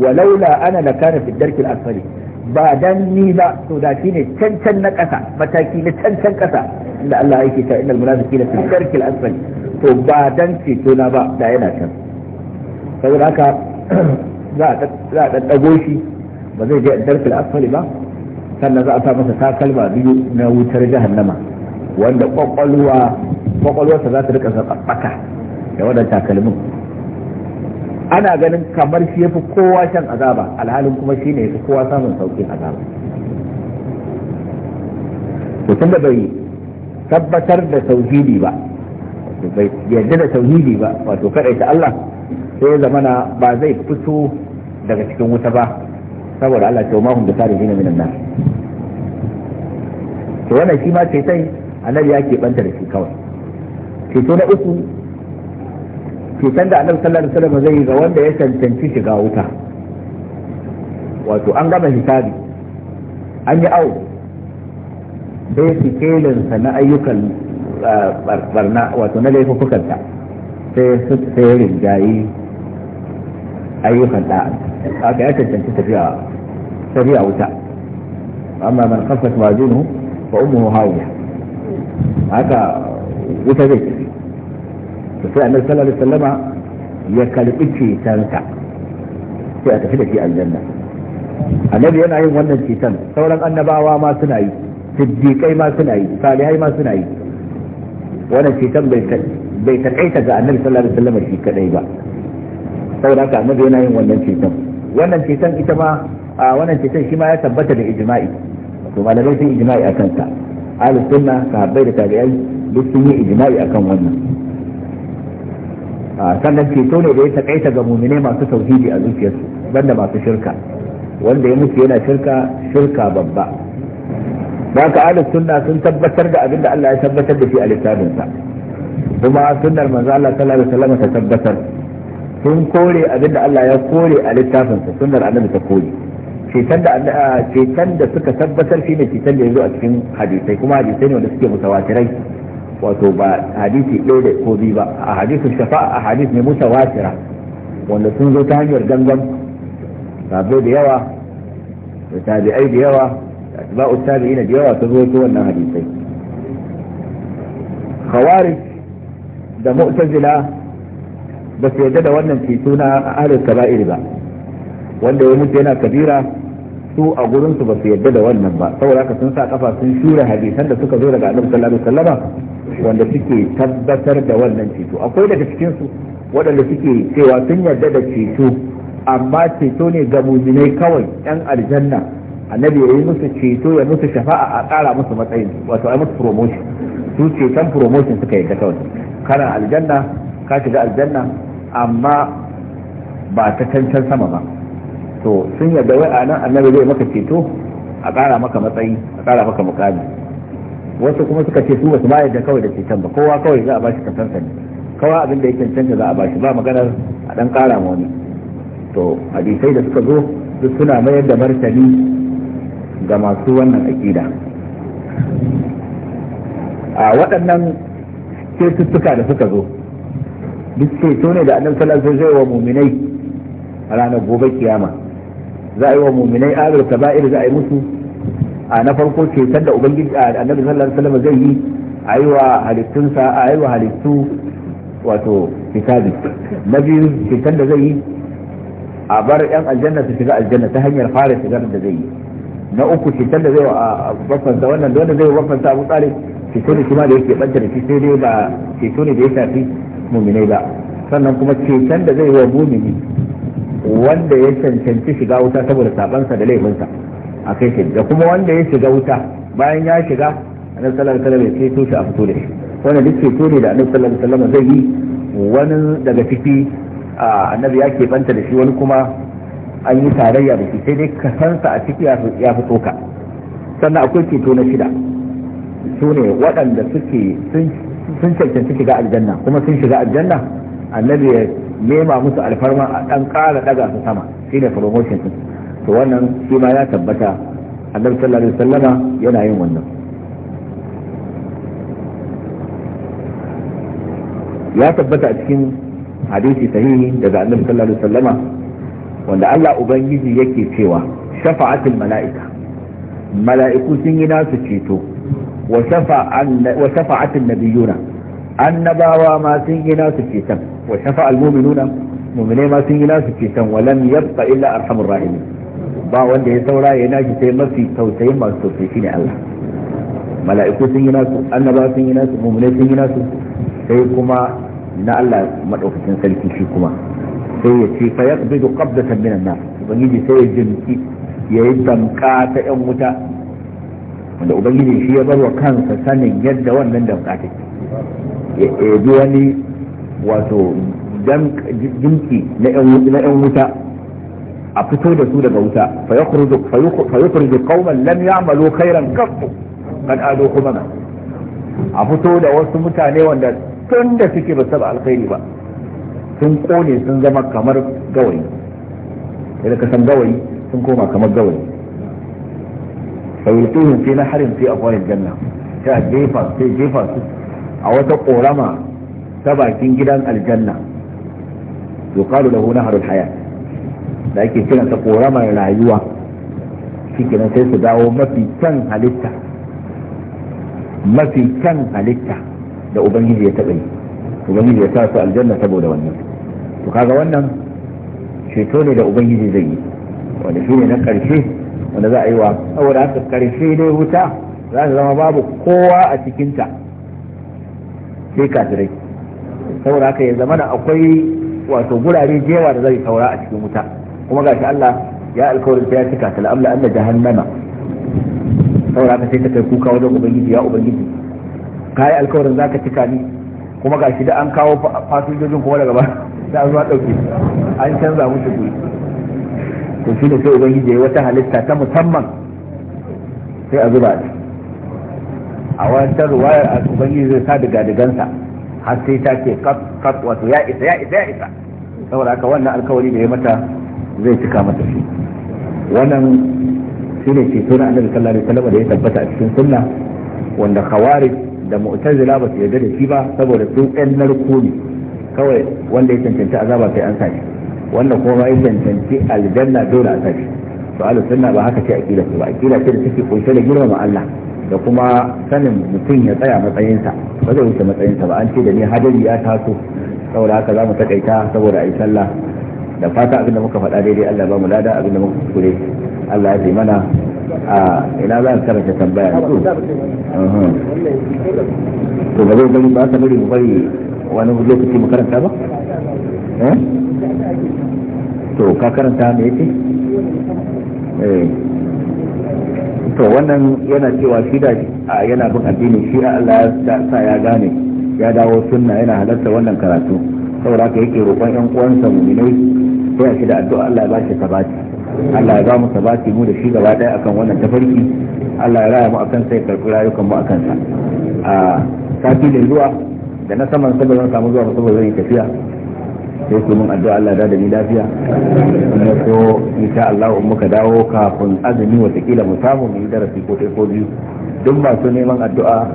walaula ana la kana fi darkil ba dan ni ba to da shine cancan na kasa mataki na cancan kasa inda Allah yake ta innal munafiqina fi darkil asfali to ba dan ceto na ba da yana can saboda haka za a za a daddago shi ba zai je darkil asfali ba sannan za a sa masa takalma biyu na wutar jahannama wanda kwakwalwa kwakwalwarsa za ta rika sakaka da wannan takalmin ana ganin kamar shi yafi kowa shan azaba alhalin kuma shi ne yafi kowa samun saukin azaba to tun da bai tabbatar da tauhidi ba bai yarda da tauhidi ba wato kada ta Allah sai ya zamana ba zai fito daga cikin wuta ba saboda Allah ta mahum da ne minan nan. to wannan shi ma sai annabi ya ke banta da shi kawai ceto na uku cutar da annabi sallallahu alaihi wasallam zai yi ga wanda ya cancanci shiga wuta wato an gama hisabi an yi au sai su kelinsa na ayyukan barna wato na laifufukanta sai su tserin jayi ayyukan da'an haka ya cancanci tafiya wuta amma man kafas majinu fa ummuhu hawiya haka wuta zai da sai annabi sallallahu alaihi wasallama ya karbi cetonsa sai a tafi da shi aljanna annabi yana yin wannan ceton sauran annabawa ma suna yi siddiqai ma suna yi salihai ma suna yi wannan ceton bai takaita ga annabi sallallahu alaihi wasallama shi kadai ba saboda haka annabi yana yin wannan ceton wannan ceton ita ma a wannan ceton shi ma ya tabbata da ijma'i to malamai sun ijma'i akan ta ahlus sunna sahabbai da tabi'ai duk sun yi ijma'i akan wannan Ah, sannan ceto ne da ya takaita ga mumine masu tauhidi a zuciyarsu banda masu shirka wanda ya mutu yana shirka shirka babba da ka ahlus sunna sun tabbatar da abin da Allah ya tabbatar da shi a littafinsa kuma sunnar manzo Allah sallallahu alaihi wasallam ta tabbatar sun kore abin da Allah ya kore a littafinsa sunnar annabi ta kore cetan da ah, cetan da suka tabbatar shine cetan da ya zo a cikin hadisai kuma hadisai ne wanda suke mutawatirai wato ba hadisi ɗaya da ko biyu ba a hadisin shafa a hadis ne mutawatira wanda sun zo ta hanyar gangan sabai da yawa da tabi'ai da yawa da atba'u tabi'ina da yawa sun zo ta wannan hadisai khawarij da mu'tazila ba su yadda da wannan ceto na ahlul kaba'ir ba wanda ya mutu yana kabira su a gurin su ba su yadda da wannan ba saboda haka sun sa kafa sun shura hadisan da suka zo daga annabi sallallahu alaihi wasallam wanda suke tabbatar da wannan ceto akwai daga cikin su waɗanda suke cewa sun yadda da ceto amma ceto ne ga muminai kawai yan aljanna annabi ya yi musu ceto ya musu shafa'a a ƙara musu matsayin wato ai musu promotion su ceton promotion suka yarda kawai kana aljanna ka shiga aljanna amma ba ta cancan sama ba to sun yarda wai a nan annabi zai maka ceto a ƙara maka matsayi a ƙara maka mukami wasu kuma suka ce su basu ma yadda kawai da ceton ba kowa kawai za a bashi kasansa ne kawai abin da ya canza za a bashi ba maganar a ɗan ƙara ma wani to hadisai da suka zo duk suna mayar da martani ga masu wannan aƙida a waɗannan cututtuka da suka zo duk ceto ne da annabi sallallahu alaihi sallam zai wa muminai a ranar gobe kiyama za a yi wa muminai alul kaba'ir za a yi musu a na farko cetar da ubangiji annabi sallallahu alaihi wasallam zai yi a yi wa halittunsa a yi wa halittu wato hisabi na biyu cetar da zai yi a bar yan aljanna su shiga aljanna ta hanyar fara shigar da zai yi na uku cetar da zai wa bafansa wannan da wanda zai wa bafansa abu tsari ceto ne kuma da yake banta da shi sai dai ba ceto ne da ya shafi muminai ba sannan kuma ceton da zai wa mumini wanda ya cancanci shiga wuta saboda sabansa da laifinsa a kai shi da kuma wanda ya shiga wuta bayan ya shiga annabi sallallahu alaihi wasallam ya ceto shi a fito da shi wannan duk ceto ne da annabi sallallahu alaihi zai yi wani daga ciki annabi ya keɓanta da shi wani kuma an yi tarayya da shi sai dai kasansa a ciki ya fito ka sannan akwai ceto na shida su ne waɗanda suke sun cancanci shiga aljanna kuma sun shiga aljanna annabi ya nema musu alfarma a dan ƙara daga su sama shi ne promotion din to wannan shi ma ya tabbata annabi sallallahu alaihi wasallama yana yin wannan ya tabbata a cikin hadisi sahihi daga annabi sallallahu alaihi wasallama wanda Allah ubangiji yake cewa shafa'atul mala'ika mala'iku sun yi nasu ceto wa shafa'atul nabiyuna annabawa ma sun yi nasu ceton wa shafa almuminuna mumine ma sun yi nasu ceton wa lam yabqa illa arhamur rahimin ba wanda ya saura ya nashi sai mafi tausayin masu tausayi ne Allah mala'iku sun yi nasu annabawa sun yi nasu mumine sun yi nasu sai kuma na Allah madaukakin sarki shi kuma sai ya ce fa yaqbidu qabdatan minan nar ubangiji sai ya jinki ya yi damka ta yan wuta wanda ubangiji shi ya bar wa kansa sanin yadda wannan damka take ya bi wani wato dimki na ‘yan wuta a fito da su daga wuta fa yukhriju qauman lam ya'malu kairan kafu kan ado kuma na a fito da wasu mutane wanda tun da suke ba saba alkhairi ba sun kone sun zama kamar gawayi idan ka san gawayi sun koma kamar gawayi fa yulqihim fi nahrin fi afwahil janna sai a jefa sai jefa su a wata korama ta bakin gidan aljanna to kalu lahu naharul haya da ake kiran ta koramar rayuwa shikenan sai su dawo mafi kyan halitta mafi kyan halitta da ubangiji ya taɓa yi ubangiji ya sa su aljanna saboda wannan to kaga wannan ceto ne da ubangiji zai yi wanda ne na karshe wanda za a yi wa saboda haka karshe dai wuta za ta zama babu kowa a cikinta sai kafirai saboda haka ya zama da akwai wato gurare jewa da zai saura a cikin wuta kuma gashi Allah ya alkawarin ya cika ta la'amla anna jahannama saboda haka sai ka kai kuka wajen ubangiji ya ubangiji kai alkawarin zaka cika ni kuma gashi da an kawo fasinjojin kuma daga ba da zuwa dauke an canza musu guri to shi ne sai ubangiji ya wata halitta ta musamman sai a zuba a a wata ruwaya a ubangiji zai sa daga digansa har sai ta ce kat wato ya isa ya isa ya isa saboda haka wannan alkawari da ya mata zai cika mata shi wannan shi ne ceto na annabi sallallahu alaihi wasallam da ya tabbata a cikin sunna wanda khawarij da mu'tazila ba su yarda da shi ba saboda sun ɗan narko ne kawai wanda ya cancanci azaba sai an sa shi wanda kuma ya cancanci aljanna dole a sa shi to ahlus sunna ba haka ce aqida ba aqida ce da take kunshe da girmama Allah da kuma sanin mutum ya tsaya matsayinsa ba zai wuce matsayinsa ba an ce da ni hadari ya taso saboda haka za mu takaita saboda a yi sallah da fata abinda muka faɗa daidai Allah ba mu lada abinda muka kure Allah ya mana a ina za ka karanta tambaya to ba zai gani ba ka bari mu bari wani lokaci mu karanta ba eh? to ka karanta me yake eh to wannan yana cewa shi da yana bin addini shi Allah ya sa ya gane ya dawo sunna yana halarta wannan karatu saboda haka yake roƙon ƴan uwansa mu'minai sai shi da addu'a Allah ya bashi sabati Allah ya ba mu sabati mu da shi gaba ɗaya akan wannan tafarki Allah ya raya mu akan sai karɓi rayukan mu akan sa a sati da zuwa da na saman saboda zan samu zuwa saboda zan yi tafiya sai ku mun addu'a Allah da da ni lafiya kuma ko insha Allah in muka dawo kafin azumi watakila mu samu mu yi darasi ko ɗaya ko biyu duk masu neman addu'a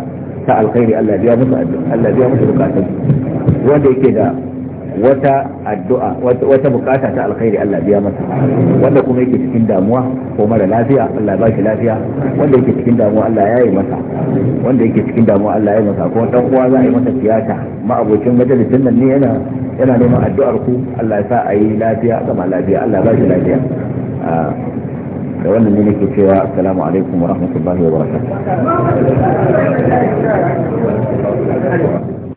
ta alkhairi Allah biya musu addu'a Allah biya musu bukatun wanda yake da wata addu'a wata bukata ta alkhairi Allah biya masa wanda kuma yake cikin damuwa ko mara lafiya Allah ba shi lafiya wanda yake cikin damuwa Allah ya yi masa wanda yake cikin damuwa Allah ya yi masa ko dan uwa za a yi masa tiyata ma abocin majalisin nan ne yana yana neman addu'ar ku Allah ya sa a yi lafiya kama lafiya Allah ba shi lafiya ah, da wannan ne nake cewa assalamu alaikum wa rahmatullahi wa barakatuh